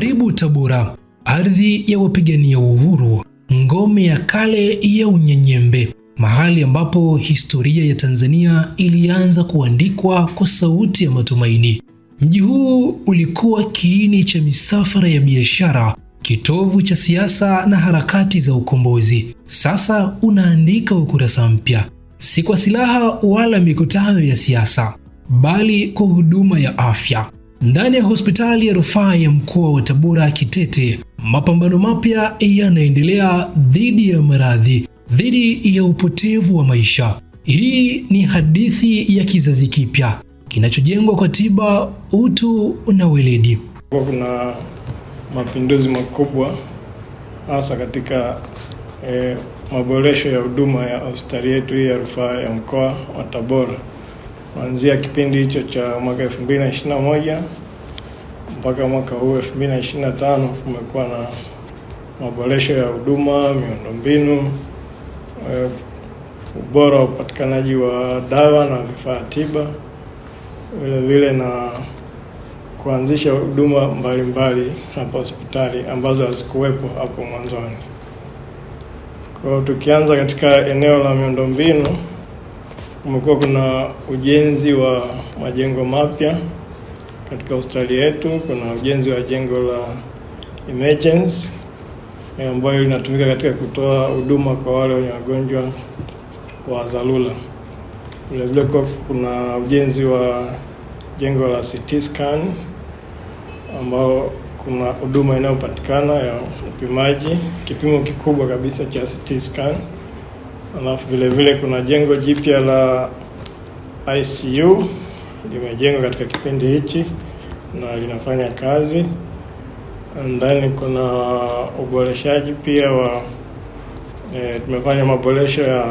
karibu Tabora, ardhi ya wapigania uhuru, ngome ya kale ya Unyenyembe, mahali ambapo historia ya Tanzania ilianza kuandikwa kwa sauti ya matumaini. Mji huu ulikuwa kiini cha misafara ya biashara, kitovu cha siasa na harakati za ukombozi. Sasa unaandika ukurasa mpya, si kwa silaha wala mikutano ya siasa, bali kwa huduma ya afya, ndani ya hospitali ya rufaa ya mkoa wa Tabora Kitete, mapambano mapya yanaendelea dhidi ya maradhi, dhidi ya upotevu wa maisha. Hii ni hadithi ya kizazi kipya kinachojengwa kwa tiba, utu na weledi. Kuna mapinduzi makubwa hasa katika eh, maboresho ya huduma ya hospitali yetu hii ya rufaa ya mkoa wa Tabora kuanzia kipindi hicho cha mwaka 2021 mpaka mwaka huu 2025 kumekuwa na maboresho ya huduma, miundombinu, eh, ubora wa upatikanaji wa dawa na vifaa tiba, vile vile na kuanzisha huduma mbalimbali hapa hospitali ambazo hazikuwepo hapo mwanzoni. Kwa tukianza katika eneo la miundombinu kumekuwa kuna ujenzi wa majengo mapya katika hospitali yetu. Kuna ujenzi wa jengo la emergency eh, ambayo linatumika katika kutoa huduma kwa wale wenye wagonjwa wa dharura. Vilevile kuna ujenzi wa jengo la CT scan ambao kuna huduma inayopatikana ya upimaji, kipimo kikubwa kabisa cha CT scan. Alafu vile vile kuna jengo jipya la ICU limejengwa katika kipindi hichi na linafanya kazi. Ndani kuna uboreshaji pia wa e, tumefanya maboresho ya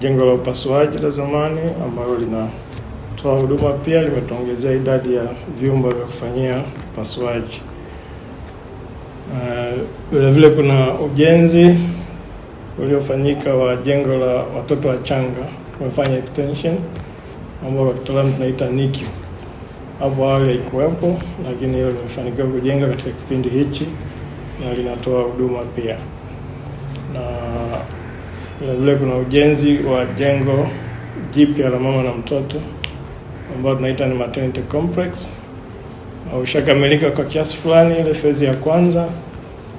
jengo la upasuaji la zamani ambalo linatoa huduma pia, limetuongezea idadi ya vyumba vya kufanyia upasuaji. Vilevile eh, uh, kuna ujenzi uliofanyika wa jengo la watoto wachanga, tumefanya extension ambao kwa kitaalamu tunaita NICU. Hapo awali haikuwepo, lakini hiyo limefanikiwa kujenga katika kipindi hichi na linatoa huduma pia, na vilevile kuna ujenzi wa jengo jipya la mama na mtoto ambao tunaita ni maternity complex ushakamilika kwa kiasi fulani ile fezi ya kwanza,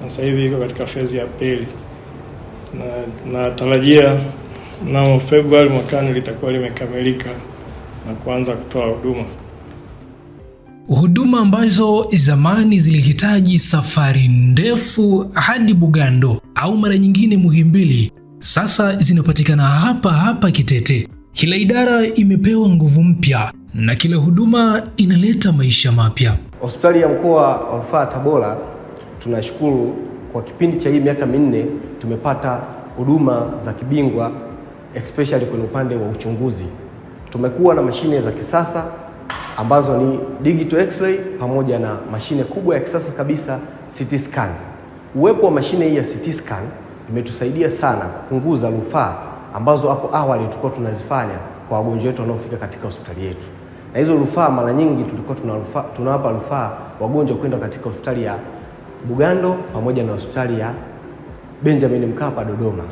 na sasa hivi iko katika fezi ya pili natarajia na mnamo Februari mwakani litakuwa limekamilika na kuanza kutoa huduma huduma ambazo zamani zilihitaji safari ndefu hadi Bugando au mara nyingine Muhimbili, sasa zinapatikana hapa hapa Kitete. Kila idara imepewa nguvu mpya na kila huduma inaleta maisha mapya. Hospitali ya mkoa wa rufaa Tabora, tunashukuru kwa kipindi cha hii miaka minne tumepata huduma za kibingwa especially kwenye upande wa uchunguzi. Tumekuwa na mashine za kisasa ambazo ni digital x-ray pamoja na mashine kubwa ya kisasa kabisa CT scan. Uwepo wa mashine hii ya CT scan imetusaidia sana kupunguza rufaa ambazo hapo awali tulikuwa tunazifanya kwa wagonjwa wetu wanaofika katika hospitali yetu, na hizo rufaa mara nyingi tulikuwa tunawapa rufaa wagonjwa kwenda katika hospitali ya Bugando pamoja na hospitali ya Benjamin Mkapa Dodoma.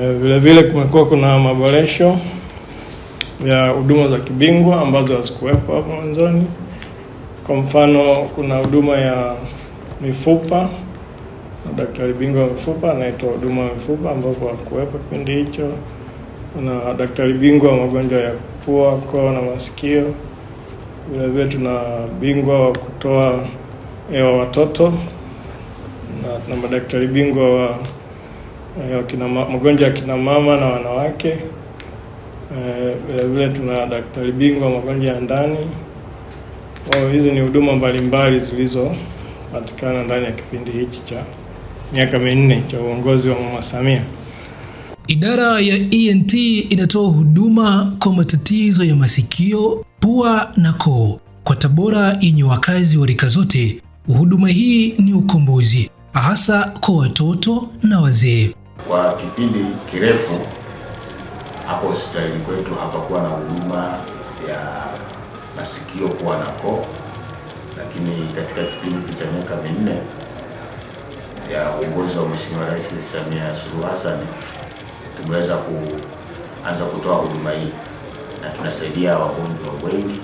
Vilevile eh, vile kumekuwa kuna maboresho ya huduma za kibingwa ambazo hazikuwepo hapo mwanzoni. Kwa mfano, kuna huduma ya mifupa na daktari bingwa wa mifupa anaitwa huduma ya mifupa, ambapo hakuwepo kipindi hicho. na daktari bingwa wa magonjwa ya pua, koo na masikio. Vilevile tuna bingwa wa kutoa hewa watoto na uh, na madaktari bingwa wa eh, magonjwa ya kina mama na wanawake. Vilevile eh, tuna daktari bingwa magonjwa ya ndani. Kwa hizi ni huduma mbalimbali zilizopatikana ndani ya kipindi hichi cha miaka minne cha uongozi wa Mama Samia. Idara ya ENT inatoa huduma kwa matatizo ya masikio, pua na koo kwa Tabora yenye wakazi wa rika zote. Huduma hii ni ukombozi hasa kwa watoto na wazee. Kwa kipindi kirefu hapo hospitalini kwetu hapakuwa na huduma ya masikio kuwa na koo, lakini katika kipindi cha miaka minne ya uongozi wa Mheshimiwa Rais Samia Suluhu Hassan tumeweza kuanza kutoa huduma hii na tunasaidia wagonjwa wengi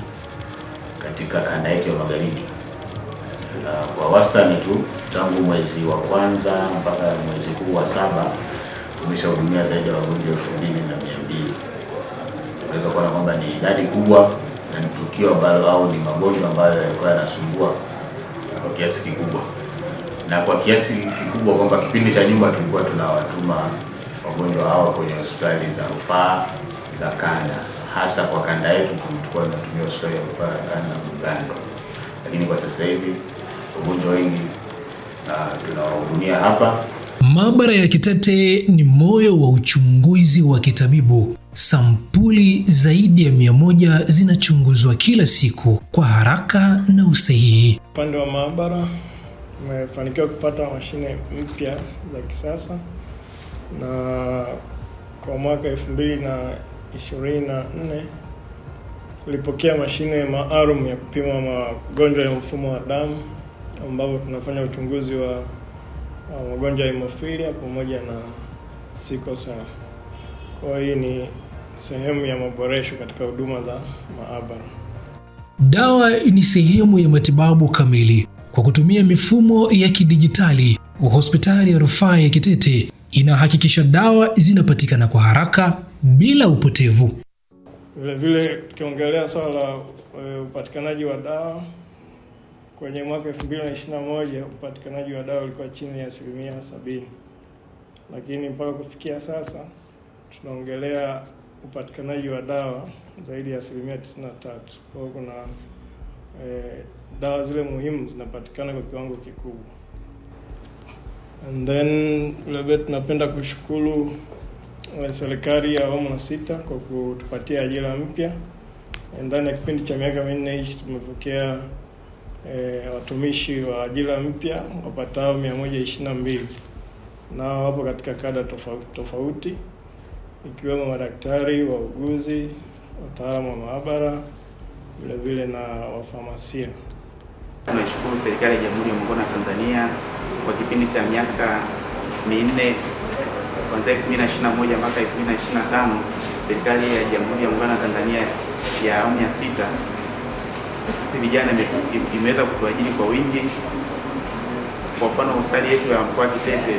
katika kanda yetu ya magharibi kwa uh, wastani tu tangu mwezi wa kwanza mpaka mwezi huu wa saba tumeshahudumia zaidi ya wagonjwa elfu mbili na mia mbili. Tunaweza kuona kwamba ni idadi kubwa na ni tukio ambalo au ni magonjwa ambayo yalikuwa yanasumbua kwa kiasi kikubwa, na kwa kiasi kikubwa kwamba kipindi cha nyuma tulikuwa tunawatuma wagonjwa hawa kwenye hospitali za rufaa za kanda, hasa kwa kanda yetu tulikuwa tunatumia hospitali ya rufaa ya kanda Bugando, lakini kwa sasa hivi wagonjwa wengi na tunawahudumia hapa. Maabara ya Kitete ni moyo wa uchunguzi wa kitabibu. Sampuli zaidi ya mia moja zinachunguzwa kila siku kwa haraka na usahihi. Upande wa maabara umefanikiwa kupata mashine mpya za kisasa, na kwa mwaka nne ulipokea mashine maalum ya kupima magonjwa ya mfumo wa damu ambapo tunafanya uchunguzi wa, wa magonjwa ya hemofilia pamoja na sikosa. Kwa hii ni sehemu ya maboresho katika huduma za maabara. Dawa ni sehemu ya matibabu kamili. Kwa kutumia mifumo ya kidijitali, hospitali ya rufaa ya Kitete inahakikisha dawa zinapatikana kwa haraka bila upotevu. Vilevile tukiongelea swala la eh, upatikanaji wa dawa Kwenye mwaka 2021 upatikanaji wa dawa ulikuwa chini ya asilimia sabini, lakini mpaka kufikia sasa tunaongelea upatikanaji wa dawa zaidi ya asilimia 93. Kwa hiyo kuna e, dawa zile muhimu zinapatikana kwa kiwango kikubwa, and then vilevile tunapenda kushukuru eh, serikali ya awamu ya sita kwa kutupatia ajira mpya. Ndani ya kipindi cha miaka minne hichi tumepokea e, watumishi wa ajira mpya wapatao 122 nao wapo katika kada tofauti tofauti ikiwemo madaktari, wauguzi, wataalamu wa maabara vile vile na wafamasia. Tunaishukuru serikali ya Jamhuri ya Muungano wa Tanzania kwa kipindi cha miaka minne kuanzia 2021 mpaka 2025, serikali ya Jamhuri ya Muungano wa Tanzania ya awamu ya sita sisi vijana imeweza kutuajiri kwa wingi. Kwa mfano hospitali yetu ya mkoa Kitete,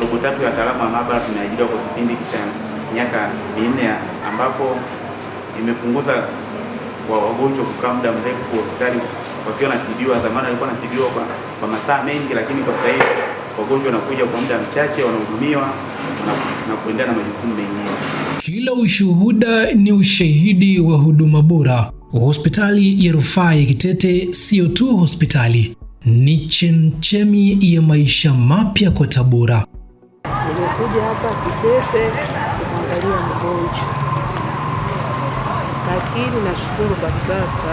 robo tatu ya wataalamu wa maabara tumeajiriwa kwa kipindi cha miaka minne, ambapo imepunguza kwa wagonjwa kukaa muda mrefu hospitali wakiwa natibiwa. Zamani walikuwa natibiwa kwa, kwa masaa mengi, lakini kwa sasa hivi wagonjwa wanakuja kwa muda mchache, wanahudumiwa na kuendelea na majukumu mengine. Kila ushuhuda ni ushahidi wa huduma bora. Hospitali ya rufaa ya Kitete sio tu hospitali, ni chemchemi ya maisha mapya kwa Tabora. Nimekuja hapa Kitete kuangalia mgonjwa, lakini nashukuru kwa sasa.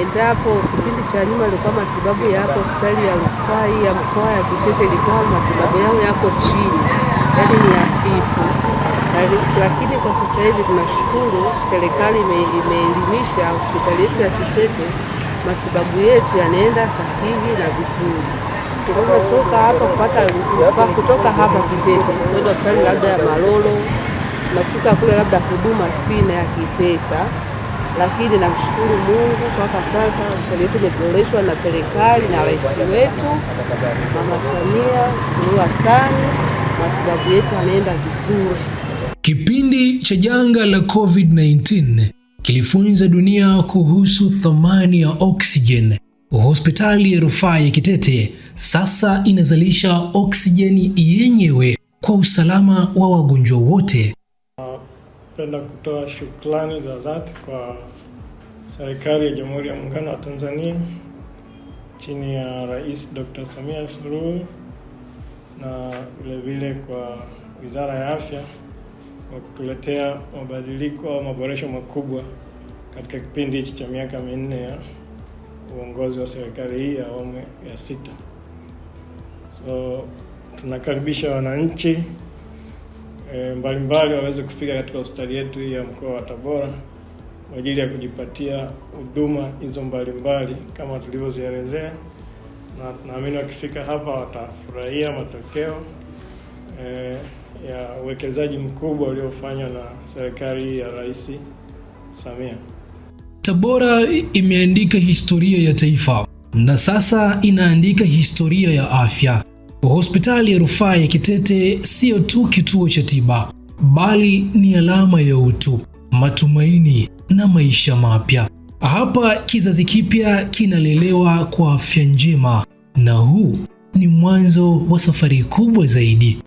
Endapo kipindi cha nyuma ilikuwa matibabu ya hapo hospitali ya rufaa ya mkoa ya Kitete ilikuwa matibabu yao yako chini, yaani ni hafifu lakini kwa sasa hivi tunashukuru serikali imeelimisha hospitali yetu ya Kitete, matibabu yetu yanaenda sahihi na vizuri. Tunapotoka hapa kupata rufaa kutoka hapa Kitete kwenda hospitali labda ya Malolo, nafika kule labda huduma sina ya kipesa, lakini namshukuru Mungu mpaka sasa hospitali yetu imeboreshwa na serikali na rais wetu Mama Samia Suluhu Hassan, matibabu yetu yanaenda vizuri. Kipindi cha janga la COVID-19 kilifunza dunia kuhusu thamani ya oksijen Hospitali ya Rufaa ya Kitete sasa inazalisha oksijeni yenyewe kwa usalama wa wagonjwa wote. Napenda kutoa shukrani za dhati kwa serikali ya Jamhuri ya Muungano wa Tanzania chini ya Rais Dr. Samia Suluhu na vilevile kwa Wizara ya Afya wa mabadiliko au maboresho makubwa katika kipindi hichi cha miaka minne ya uongozi wa serikali hii ya awamu ya sita. So tunakaribisha wananchi e, mbalimbali waweze kufika katika hospitali yetu hii ya mkoa wa Tabora kwa ajili ya kujipatia huduma hizo mbalimbali kama tulivyozielezea, na tunaamini wakifika hapa watafurahia matokeo e, ya uwekezaji mkubwa uliofanywa na serikali ya Rais Samia. Tabora imeandika historia ya taifa na sasa inaandika historia ya afya. Hospitali ya Rufaa ya Kitete siyo tu kituo cha tiba, bali ni alama ya utu, matumaini na maisha mapya. Hapa kizazi kipya kinalelewa kwa afya njema, na huu ni mwanzo wa safari kubwa zaidi.